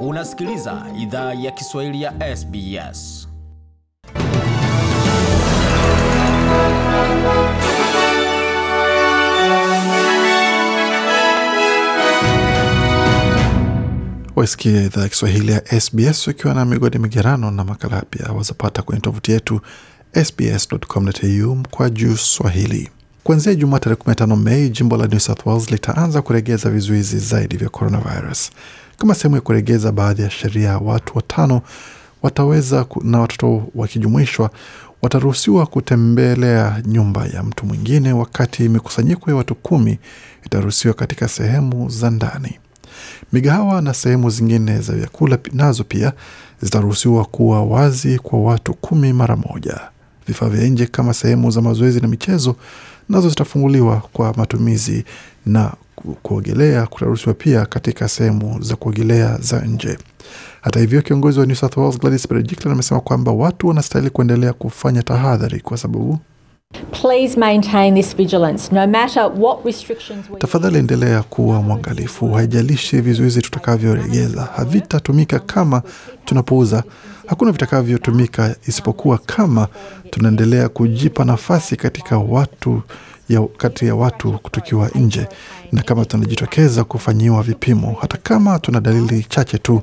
Unasikiliza idhaa ya Kiswahili ya SBS. Wasikia idhaa ya Kiswahili ya SBS ukiwa na migodi migerano na makala pia wazapata kwenye tovuti yetu sbs.com.au juu Swahili. Kuanzia Jumaa tarehe 15 Mei, jimbo la New South Wales litaanza kuregeza vizuizi zaidi vya coronavirus kama sehemu ya kuregeza baadhi ya sheria. Watu watano wataweza na watoto wakijumuishwa wataruhusiwa kutembelea nyumba ya mtu mwingine, wakati mikusanyiko ya watu kumi itaruhusiwa katika sehemu za ndani. Migahawa na sehemu zingine za vyakula nazo pia zitaruhusiwa kuwa wazi kwa watu kumi mara moja. Vifaa vya nje kama sehemu za mazoezi na michezo nazo zitafunguliwa kwa matumizi na kuogelea kutaruhusiwa pia katika sehemu za kuogelea za nje. Hata hivyo, kiongozi wa New South Wales Gladys Berejiklian amesema kwamba watu wanastahili kuendelea kufanya tahadhari kwa sababu Tafadhali endelea kuwa mwangalifu, haijalishi vizuizi tutakavyoregeza, havitatumika kama tunapouza hakuna vitakavyotumika isipokuwa kama tunaendelea kujipa nafasi katika watu ya, kati ya watu tukiwa nje na kama tunajitokeza kufanyiwa vipimo, hata kama tuna dalili chache tu.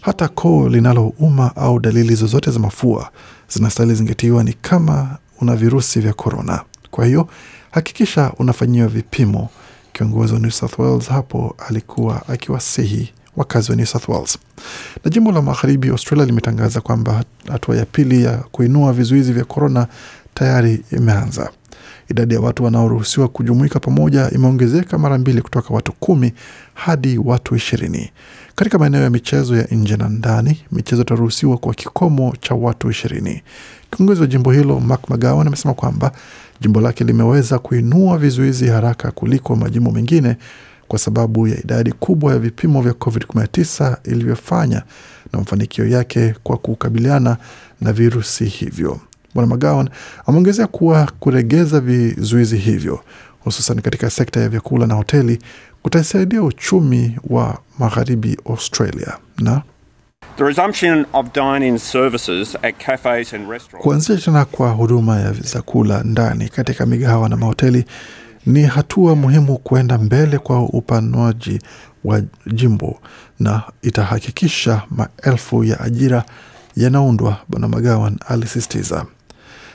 Hata koo linalouma au dalili zozote za mafua zinastahili zingetiwa ni kama una virusi vya korona. Kwa hiyo hakikisha unafanyiwa vipimo. Kiongozi wa New South Wales hapo alikuwa akiwasihi wakazi wa New South Wales. Na jimbo la magharibi Australia limetangaza kwamba hatua ya pili ya kuinua vizuizi vya korona tayari imeanza. Idadi ya watu wanaoruhusiwa kujumuika pamoja imeongezeka mara mbili kutoka watu kumi hadi watu ishirini. Katika maeneo ya michezo ya nje na ndani, michezo itaruhusiwa kwa kikomo cha watu ishirini. Kiongozi wa jimbo hilo Mark McGowan amesema kwamba jimbo lake limeweza kuinua vizuizi haraka kuliko majimbo mengine kwa sababu ya idadi kubwa ya vipimo vya COVID-19 ilivyofanya na mafanikio yake kwa kukabiliana na virusi hivyo. Bwana magawan ameongezea kuwa kuregeza vizuizi hivyo hususan katika sekta ya vyakula na hoteli kutasaidia uchumi wa magharibi Australia na kuanzia tena kwa huduma za kula ndani katika migahawa na mahoteli ni hatua muhimu kuenda mbele kwa upanuaji wa jimbo na itahakikisha maelfu ya ajira yanaundwa, Bwana magawan alisisitiza.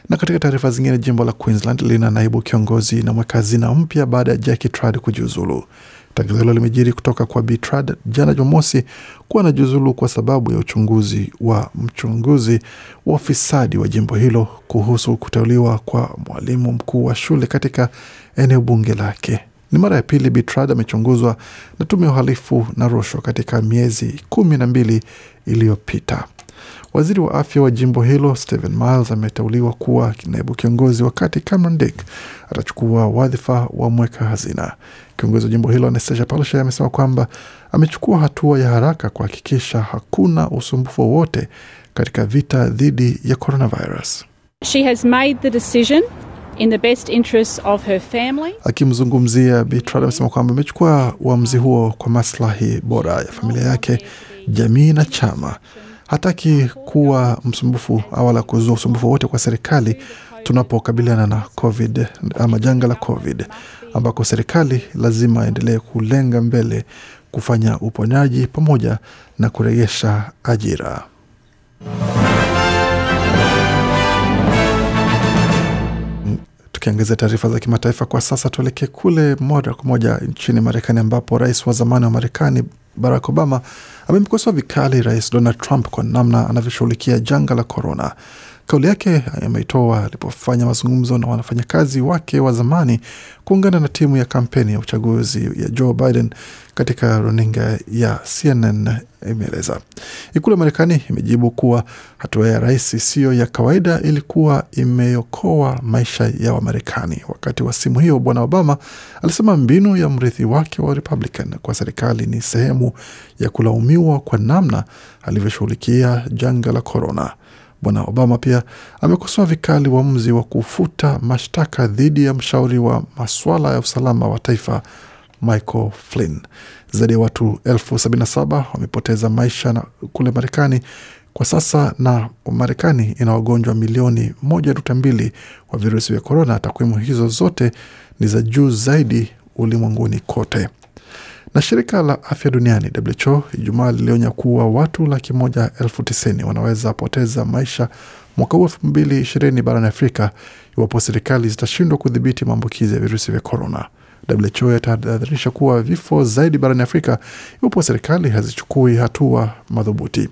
Na katika taarifa zingine, jimbo la Queensland lina naibu kiongozi na mweka hazina mpya baada ya jacki Trad kujiuzulu. Tangazo hilo limejiri kutoka kwa Bitrad jana Jumamosi kuwa juzulu kwa sababu ya uchunguzi wa mchunguzi wa ufisadi wa jimbo hilo kuhusu kuteuliwa kwa mwalimu mkuu wa shule katika eneo bunge lake. Ni mara ya pili Bitrad amechunguzwa na tume ya uhalifu na rushwa katika miezi kumi na mbili iliyopita. Waziri wa afya wa jimbo hilo Stephen Miles ameteuliwa kuwa naibu kiongozi, wakati Cameron Dick atachukua wadhifa wa mweka hazina. Kiongozi wa jimbo hilo Anastasia Palaszczuk amesema kwamba amechukua hatua ya haraka kuhakikisha hakuna usumbufu wowote katika vita dhidi ya coronavirus. She has made the decision in the best interests of her family. Akimzungumzia Bitrada amesema kwamba amechukua uamuzi huo kwa maslahi bora ya familia yake, jamii na chama hataki kuwa msumbufu awala kuzua usumbufu wote kwa serikali tunapokabiliana na COVID ama janga la COVID, ambako serikali lazima aendelee kulenga mbele kufanya uponyaji pamoja na kuregesha ajira. Tukiangazia taarifa za kimataifa kwa sasa, tuelekee kule moja kwa moja nchini Marekani ambapo rais wa zamani wa Marekani Barack Obama amemkosoa vikali Rais Donald Trump kwa namna anavyoshughulikia janga la korona Kauli yake ameitoa alipofanya mazungumzo na wanafanyakazi wake wa zamani kuungana na timu ya kampeni ya uchaguzi ya Joe Biden katika runinga ya CNN imeeleza. Ikulu ya Marekani imejibu kuwa hatua ya rais isiyo ya kawaida, ilikuwa imeokoa maisha ya Wamarekani. Wakati wa simu hiyo, Bwana Obama alisema mbinu ya mrithi wake wa Republican kwa serikali ni sehemu ya kulaumiwa kwa namna alivyoshughulikia janga la korona. Bwana Obama pia amekosoa vikali uamuzi wa, wa kufuta mashtaka dhidi ya mshauri wa maswala ya usalama wa taifa Michael Flynn. Zaidi ya watu elfu sabini na saba wamepoteza maisha na kule Marekani kwa sasa, na Marekani ina wagonjwa milioni moja nukta mbili wa virusi vya korona. Takwimu hizo zote ni za juu zaidi ulimwenguni kote. Na shirika la afya duniani WHO Ijumaa lilionya kuwa watu laki moja elfu tisini wanaweza poteza maisha mwaka huu elfu mbili ishirini barani Afrika iwapo serikali zitashindwa kudhibiti maambukizi ya virusi vya korona. WHO yatahadharisha kuwa vifo zaidi barani Afrika iwapo serikali hazichukui hatua madhubuti.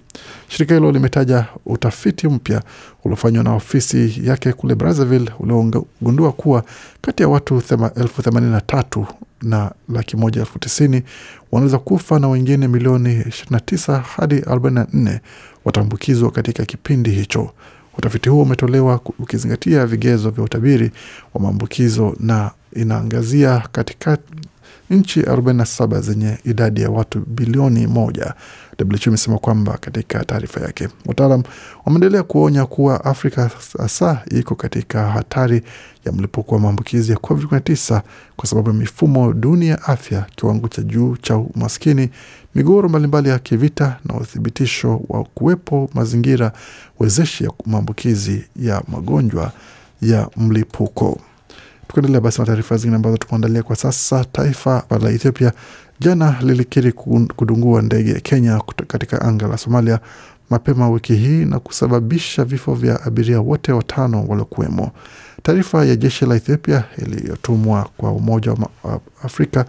Shirika hilo limetaja utafiti mpya uliofanywa na ofisi yake kule Brazzaville uliogundua kuwa kati ya watu elfu themanini na tatu na laki moja elfu tisini wanaweza kufa na wengine milioni 29 hadi 44 wataambukizwa katika kipindi hicho. Utafiti huo umetolewa ukizingatia vigezo vya utabiri wa maambukizo na inaangazia katika nchi 47 zenye idadi ya watu bilioni moja. WHO imesema kwamba katika taarifa yake. Wataalam wameendelea kuonya kuwa Afrika hasa iko katika hatari ya mlipuko wa maambukizi ya COVID-19 kwa sababu ya mifumo duni ya afya, kiwango cha juu cha umaskini, migogoro mbalimbali ya kivita na uthibitisho wa kuwepo mazingira wezeshi ya maambukizi ya magonjwa ya mlipuko. Tukiendelea basi na taarifa zingine ambazo tumeandalia kwa sasa, taifa la Ethiopia jana lilikiri kudungua ndege ya Kenya katika anga la Somalia mapema wiki hii na kusababisha vifo vya abiria wote watano waliokuwemo. Taarifa ya jeshi la Ethiopia iliyotumwa kwa Umoja wa Afrika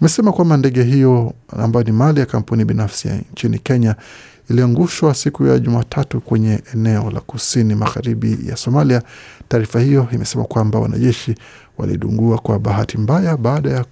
imesema kwamba ndege hiyo ambayo ni mali ya kampuni binafsi nchini Kenya iliangushwa siku ya Jumatatu kwenye eneo la kusini magharibi ya Somalia Taarifa hiyo imesema kwamba wanajeshi walidungua kwa bahati mbaya baada ya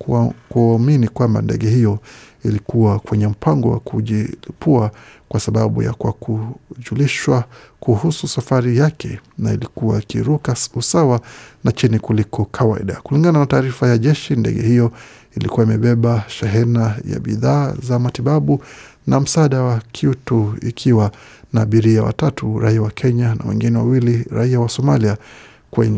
kuamini kwamba ndege hiyo ilikuwa kwenye mpango wa kujilipua kwa sababu ya kwa kujulishwa kuhusu safari yake na ilikuwa ikiruka usawa na chini kuliko kawaida. Kulingana na taarifa ya jeshi, ndege hiyo ilikuwa imebeba shehena ya bidhaa za matibabu na msaada wa kiutu, ikiwa na abiria watatu raia wa Kenya na wengine wawili raia wa Somalia.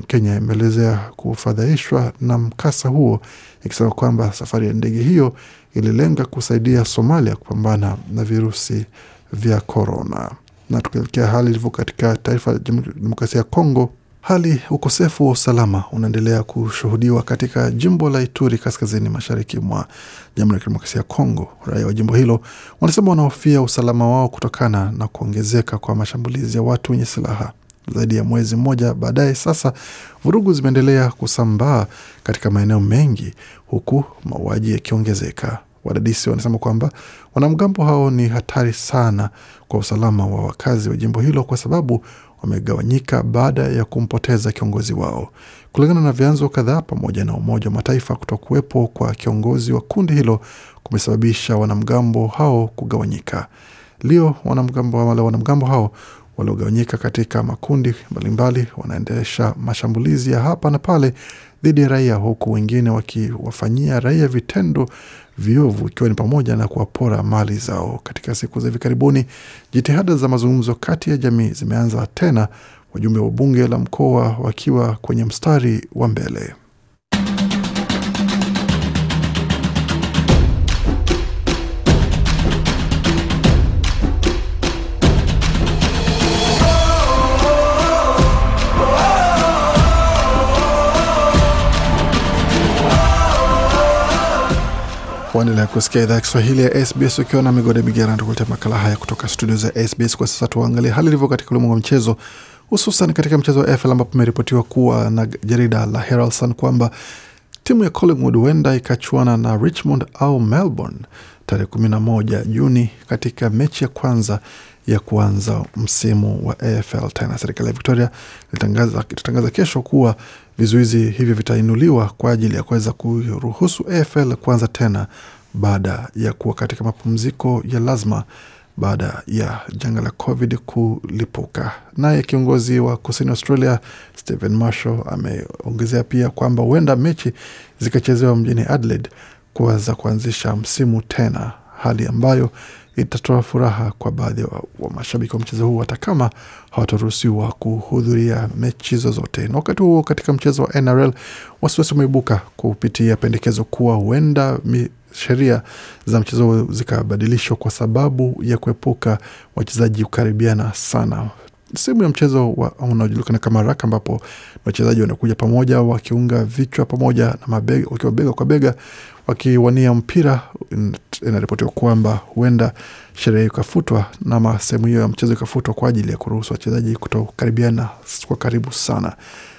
Kenya imeelezea kufadhaishwa na mkasa huo, ikisema kwamba safari ya ndege hiyo ililenga kusaidia Somalia kupambana na virusi vya korona. Na tukielekea hali ilivyo katika taifa la Demokrasia ya Kongo, Hali ukosefu wa usalama unaendelea kushuhudiwa katika jimbo la Ituri kaskazini mashariki mwa Jamhuri ya Kidemokrasia ya Kongo. Raia wa jimbo hilo wanasema wanahofia usalama wao kutokana na kuongezeka kwa mashambulizi ya watu wenye silaha. Zaidi ya mwezi mmoja baadaye sasa, vurugu zimeendelea kusambaa katika maeneo mengi, huku mauaji yakiongezeka. Wadadisi wanasema kwamba wanamgambo hao ni hatari sana kwa usalama wa wakazi wa jimbo hilo kwa sababu wamegawanyika baada ya kumpoteza kiongozi wao, kulingana na vyanzo kadhaa pamoja na Umoja wa Mataifa. Kutokuwepo kwa kiongozi wa kundi hilo kumesababisha wanamgambo hao kugawanyika. Leo wanamgambo, wale wanamgambo hao waliogawanyika katika makundi mbalimbali wanaendesha mashambulizi ya hapa na pale dhidi ya raia, huku wengine wakiwafanyia raia vitendo viovu ikiwa ni pamoja na kuwapora mali zao. Katika siku za hivi karibuni, jitihada za mazungumzo kati ya jamii zimeanza tena, wajumbe wa bunge la mkoa wakiwa kwenye mstari wa mbele. Waendelea kusikia idhaa ya Kiswahili ya SBS ukiwa na migode migerano, tukuletea makala haya kutoka studio za SBS. Kwa sasa tuangalie hali ilivyo katika ulimwengu wa mchezo, hususan katika mchezo wa AFL ambapo imeripotiwa kuwa na jarida la Herald Sun kwamba timu ya Collingwood huenda ikachuana na Richmond au Melbourne tarehe 11 Juni katika mechi ya kwanza ya kuanza msimu wa AFL tena. Serikali ya Victoria itatangaza kesho kuwa vizuizi hivyo vitainuliwa kwa ajili ya kuweza kuruhusu AFL kuanza tena baada ya kuwa katika mapumziko ya lazima baada ya janga la COVID kulipuka. Naye kiongozi wa kusini Australia Stephen Marshall ameongezea pia kwamba huenda mechi zikachezewa mjini Adelaide kuweza kuanzisha msimu tena hali ambayo itatoa furaha kwa baadhi wa, wa mashabiki wa mchezo huu hata kama hawataruhusiwa kuhudhuria mechi zozote. Na wakati huo katika mchezo wa NRL wasiwasi umeibuka kupitia pendekezo kuwa huenda sheria za mchezo zikabadilishwa kwa sababu ya kuepuka wachezaji kukaribiana sana sehemu ya mchezo unaojulikana kama raka, ambapo wachezaji wanakuja pamoja wakiunga vichwa pamoja na mabega, wakiwa bega kwa bega wakiwania mpira. Inaripotiwa kwamba huenda sherehe ikafutwa nama sehemu hiyo ya mchezo ikafutwa kwa ajili ya kuruhusu wachezaji kutokaribiana kwa karibu sana.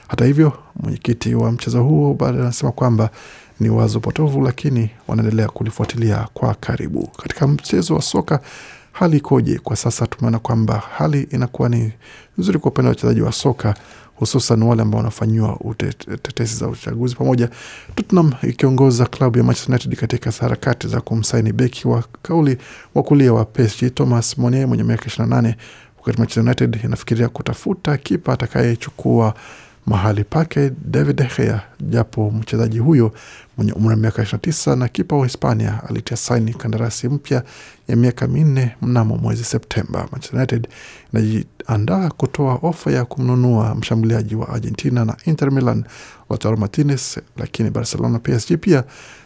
Hata hivyo, mwenyekiti wa mchezo huo bado anasema kwamba ni wazo potovu, lakini wanaendelea kulifuatilia kwa karibu. Katika mchezo wa soka hali ikoje kwa sasa? Tumeona kwamba hali inakuwa ni nzuri kwa upande wa wachezaji wa soka hususan wale ambao wanafanyiwa tetesi za uchaguzi. Pamoja Tottenham ikiongoza klabu ya Manchester United katika harakati za kumsaini beki wa kauli wa kulia wa PSG Thomas Meunier mwenye miaka 28, wakati Manchester United inafikiria kutafuta kipa atakayechukua mahali pake David De Gea, japo mchezaji huyo mwenye umri wa miaka 29 na kipa wa Hispania alitia saini kandarasi mpya ya miaka minne mnamo mwezi Septemba. Manchester United inajiandaa kutoa ofa ya kumnunua mshambuliaji wa Argentina na Inter Milan Lautaro Martinez, lakini Barcelona, PSG pia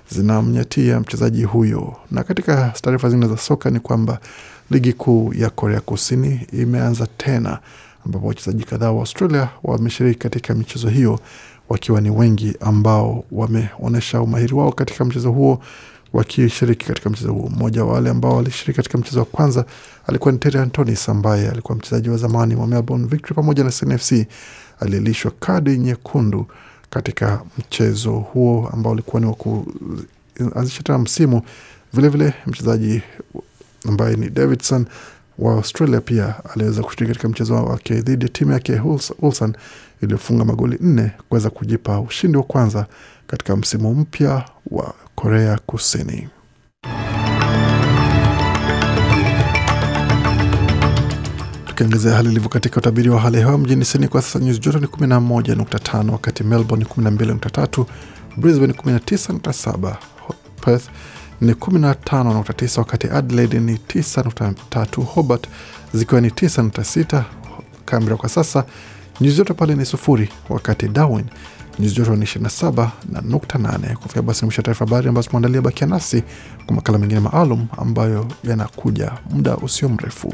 zinamnyatia mchezaji huyo. Na katika taarifa zingine za soka ni kwamba ligi kuu ya Korea Kusini imeanza tena ambapo wachezaji kadhaa wa Australia wameshiriki katika michezo hiyo wakiwa ni wengi ambao wameonyesha umahiri wao katika mchezo huo wakishiriki katika mchezo huo. Mmoja wa wale ambao walishiriki katika mchezo wa kwanza alikuwa ni Terry Antonis ambaye alikuwa mchezaji wa zamani wa Melbourne Victory pamoja na SNFC, alielishwa kadi nyekundu katika mchezo huo ambao ulikuwa ni wa kuanzisha tena msimu. Vilevile mchezaji ambaye ni Davidson wa Australia pia aliweza kushiriki katika mchezo wake dhidi ya timu yake Wilson iliyofunga magoli nne kuweza kujipa ushindi wa kwanza katika msimu mpya wa Korea Kusini. Tukiangazia hali ilivyo katika utabiri wa hali ya hewa mjini Sydney kwa sasa nyuzi joto ni 11.5, wakati Melbourne 12.3, Brisbane 19.7, Perth ni 15.9, wakati Adelaide ni 9.3, Hobart zikiwa ni 9.6 Canberra kwa sasa nyuzi joto pale ni sufuri, wakati Darwin nyuzi joto ni 27 na nukta nane. Kufika basi mwisho taarifa habari ambazo tumeandalia, bakia nasi kwa makala mengine maalum ambayo yanakuja muda usio mrefu.